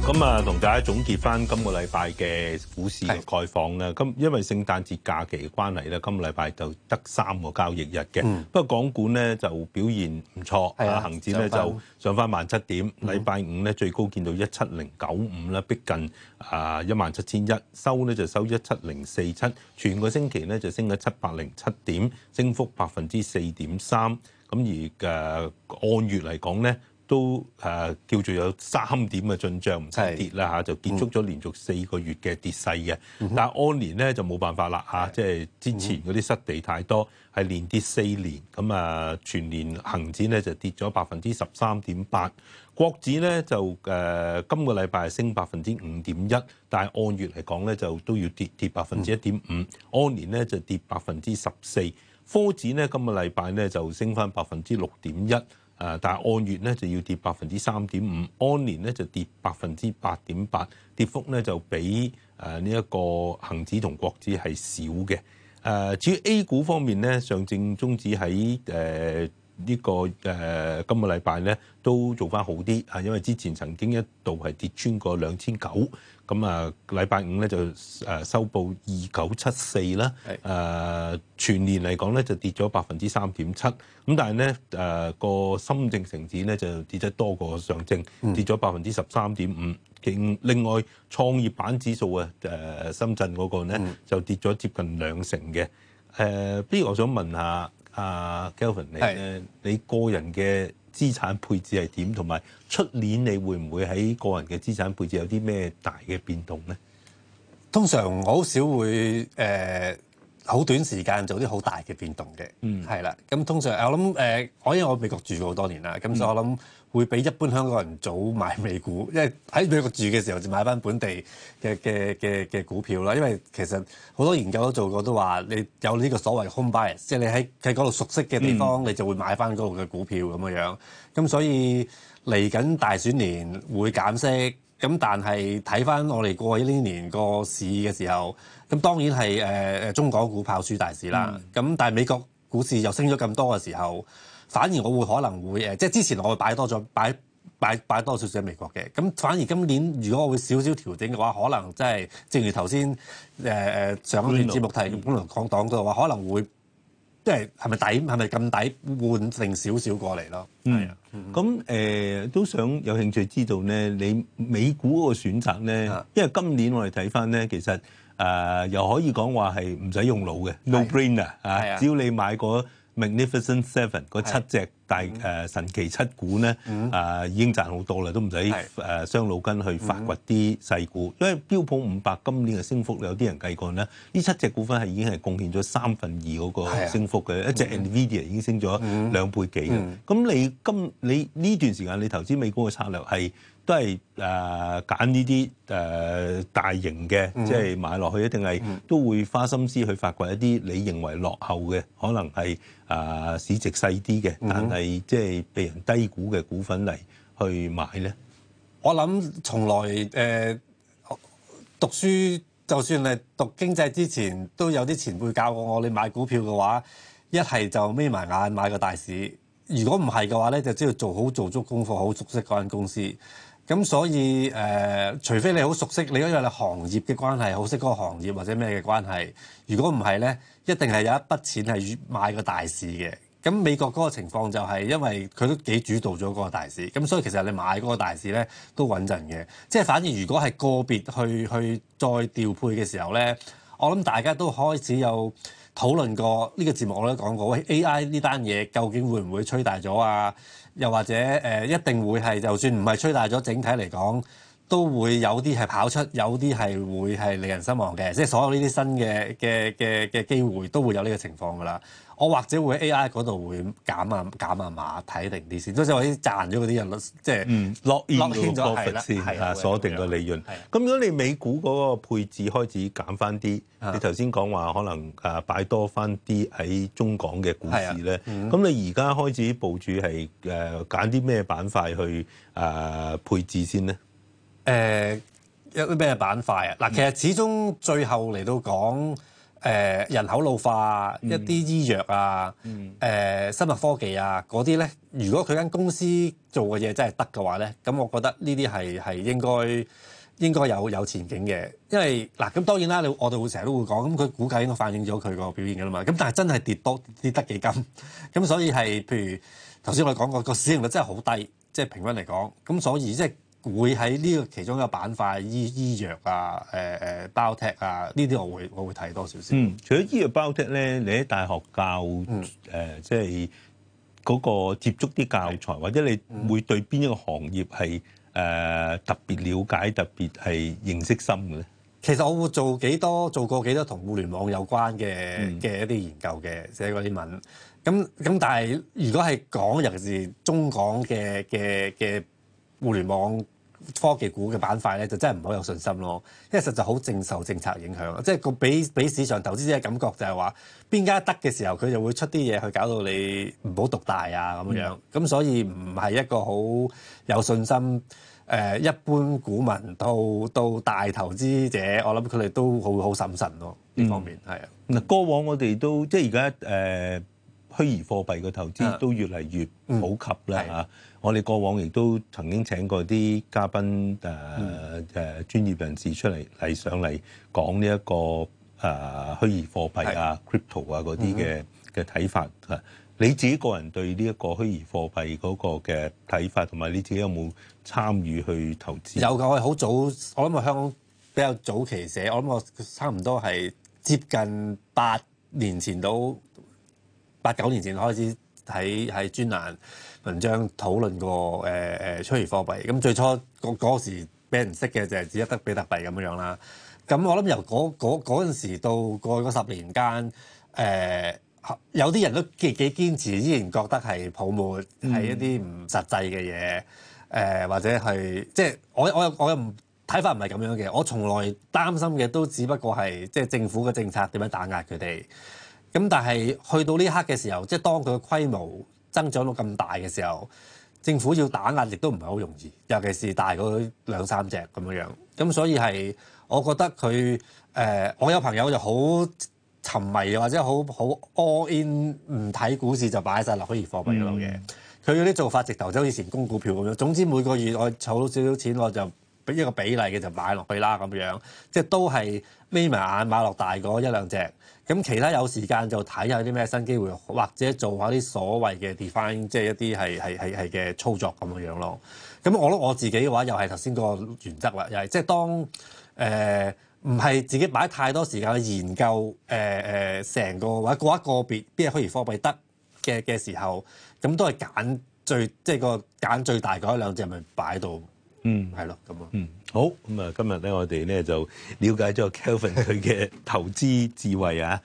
咁啊，同大家總結翻今個禮拜嘅股市嘅概況啦。咁的因為聖誕節假期嘅關係咧，今個禮拜就得三個交易日嘅。嗯、不過港股咧就表現唔錯，的行指恆指咧就，就上翻萬七點。禮拜，嗯、五咧最高見到一七零九五啦，逼近啊一萬七千一。收咧就收一七零四七。全個星期咧就升咗七百零七點，升幅百分之四點三。咁而呃按月嚟講咧。都誒叫做有三點嘅進帳，唔使跌啦嚇，就結束咗連續四個月嘅跌勢嘅。但係按年咧就冇辦法啦嚇，即係之前嗰啲失地太多，係連跌四年。咁啊全年恆指咧就跌咗百分之十三點八，國指咧就誒今個禮拜升百分之五點一，但係按月嚟講咧就都要跌跌百分之一點五，按年咧就跌百分之十四。科指咧今個禮拜咧就升翻百分之六點一，誒，但係按月咧就要跌百分之三點五，按年咧就跌百分之八點八，跌幅咧就比誒呢一個恒指同國指係少嘅。誒、呃，至於 A 股方面咧，上證綜指喺誒。呃呢個誒今個禮拜咧都做翻好啲啊，因為之前曾經一度係跌穿過兩千九，咁啊禮拜五咧就誒收報二九七四啦，誒全年嚟講咧就跌咗百分之三點七，咁但係咧誒個深證成指咧就跌得多過上證，跌咗百分之十三點五，另另外創業板指數啊誒深圳嗰個咧就跌咗接近兩成嘅，誒不如我想問下。啊，Kelvin，你咧，你個人嘅資產配置係點？同埋出年你會唔會喺個人嘅資產配置有啲咩大嘅變動咧？通常我好少會誒、呃好短時間做啲好大嘅變動嘅，係啦、嗯。咁通常我諗誒、呃，因為我美國住咗好多年啦，咁、嗯、所以我諗會比一般香港人早買美股，嗯、因為喺美國住嘅時候就買翻本地嘅嘅嘅嘅股票啦。因為其實好多研究都做過，都話你有呢個所謂 home bias，即係你喺喺嗰度熟悉嘅地方，你就會買翻嗰度嘅股票咁、嗯、樣。咁所以嚟緊大選年會減息。咁但係睇翻我哋過去呢年個市嘅時候，咁當然係誒誒中港股跑輸大市啦。咁、嗯、但係美國股市又升咗咁多嘅時候，反而我會可能會誒、呃，即係之前我會擺多咗擺擺擺多少少喺美國嘅。咁反而今年如果我會少少調整嘅話，可能即、就、係、是、正如頭先誒誒上一段節目提 We know. 本來港黨嗰度話可能會。即係係咪抵，係咪咁抵換剩少少過嚟咯？係啊、嗯，咁誒、嗯呃、都想有興趣知道咧，你美股嗰個選擇咧，是的 因為今年我哋睇翻咧，其實誒、呃、又可以講話係唔使用腦嘅是的，no brain、er, 啊，是的 只要你買嗰 Magnificent Seven 嗰七隻。但係神奇七股咧，嗯、啊已經賺好多啦，都唔使誒傷腦筋去發掘啲細股，的因為標普五百今年嘅升幅，有啲人計過咧，呢七隻股份係已經係貢獻咗三分二嗰個升幅嘅。的一隻 Nvidia 已經升咗兩倍幾。咁、嗯、你今你呢段時間你投資美股嘅策略係都係誒揀呢啲誒大型嘅，即係、嗯、買落去，一定係都會花心思去發掘一啲你認為落後嘅，可能係啊、呃、市值細啲嘅。係即係被人低估嘅股份嚟去買呢我諗從來誒、呃、讀書，就算係讀經濟之前，都有啲前輩教過我。你買股票嘅話，一係就眯埋眼買個大市。如果唔係嘅話呢就知道做好做足功課，好熟悉嗰間公司。咁所以誒、呃，除非你好熟悉，你因為你行業嘅關係好識嗰個行業或者咩嘅關係。如果唔係呢一定係有一筆錢係買個大市嘅。咁美國嗰個情況就係因為佢都幾主導咗嗰個大市，咁所以其實你買嗰個大市咧都穩陣嘅。即係反而如果係個別去去再調配嘅時候咧，我諗大家都開始有討論過呢個節目我都講過，喂 A.I. 呢單嘢究竟會唔會吹大咗啊？又或者誒、呃、一定會係就算唔係吹大咗，整體嚟講。都會有啲係跑出，有啲係會係令人失望嘅。即係所有呢啲新嘅嘅嘅嘅機會都會有呢個情況㗎啦。我或者會喺 A.I. 嗰度會減下、啊、減下碼睇定啲先，即係話啲賺咗嗰啲人咯，即係落現咗係啦，鎖定個利潤。咁、啊啊、如果你美股嗰個配置開始減翻啲，你頭先講話可能啊擺多翻啲喺中港嘅股市咧，咁、啊、你而家開始部署係誒揀啲咩板塊去啊、呃、配置先咧？誒有啲咩板塊啊？嗱，其實始終最後嚟到講，誒、呃、人口老化、嗯、一啲醫藥啊、誒、嗯呃、生物科技啊嗰啲咧，如果佢間公司做嘅嘢真係得嘅話咧，咁我覺得呢啲係係應該應該有有前景嘅，因為嗱咁、呃、當然啦，你我哋會成日都會講，咁佢估計應該反映咗佢個表現㗎喇嘛。咁但係真係跌多跌得得幾金，咁所以係譬如頭先我講過個市盈率真係好低，即係平均嚟講，咁所以即係。會喺呢個其中一個板塊醫醫藥啊，誒誒 biotech 啊，呢啲我會我會睇多少少。嗯，除咗醫藥 biotech 咧，你喺大學教誒，即係嗰個接觸啲教材，或者你會對邊一個行業係誒特別了解、特別係認識深嘅咧？其實我會做幾多做過幾多同互聯網有關嘅嘅一啲研究嘅寫過啲文。咁咁，但係如果係講尤其是中港嘅嘅嘅互聯網。科技股嘅板塊咧，就真係唔好有信心咯，因為實在好正受政策影響，即係個俾俾市場投資者嘅感覺就係話，邊家得嘅時候佢就會出啲嘢去搞到你唔好獨大啊咁樣，咁、嗯、所以唔係一個好有信心誒、呃，一般股民到到大投資者，我諗佢哋都好好審慎咯，呢方面係啊，嗱、嗯、過往我哋都即係而家誒。呃虛擬貨幣嘅投資都越嚟越普及啦吓！嗯、我哋過往亦都曾經請過啲嘉賓誒誒、呃呃、專業人士出嚟嚟、嗯、上嚟講呢一個誒、呃、虛擬貨幣的啊、crypto 啊嗰啲嘅嘅睇法吓。你自己個人對呢一個虛擬貨幣嗰個嘅睇法，同埋你自己有冇參與去投資？有㗎，我係好早，我諗我香港比較早期寫，我諗我差唔多係接近八年前到。八九年前開始喺喺專欄文章討論過誒誒虛擬貨幣，咁最初嗰時俾人識嘅就係只一得比特幣咁樣樣啦。咁我諗由嗰嗰陣時到過去嗰十年間，誒、呃、有啲人都幾幾堅持，依然覺得係泡沫，係、嗯、一啲唔實際嘅嘢。誒、呃、或者係即係我我我又唔睇法唔係咁樣嘅，我從來擔心嘅都只不過係即係政府嘅政策點樣打壓佢哋。咁、嗯、但係去到呢刻嘅時候，即係當佢嘅規模增長到咁大嘅時候，政府要打壓亦都唔係好容易，尤其是大過兩三隻咁樣樣。咁、嗯、所以係我覺得佢誒、呃，我有朋友就好沉迷，或者好好 all in 唔睇股市就擺晒落去熱貨幣度嘅。佢嗰啲做法直頭就好似以前供股票咁樣。總之每個月我儲到少少錢我就，俾一個比例嘅就買落去啦，咁樣即係都係眯埋眼買落大嗰一兩隻，咁其他有時間就睇下啲咩新機會，或者做下啲所謂嘅 define，即係一啲係係係係嘅操作咁樣樣咯。咁我諗我自己嘅話，又係頭先個原則啦，又係即係當誒唔係自己擺太多時間去研究誒誒成個或者一個別邊個虛擬貨幣得嘅嘅時候，咁都係揀最即係個揀最大嗰一兩隻咪擺到。嗯，係囉，咁啊，嗯，好，咁啊，今日呢，我哋呢就了解咗 Kelvin 佢嘅投資智慧啊。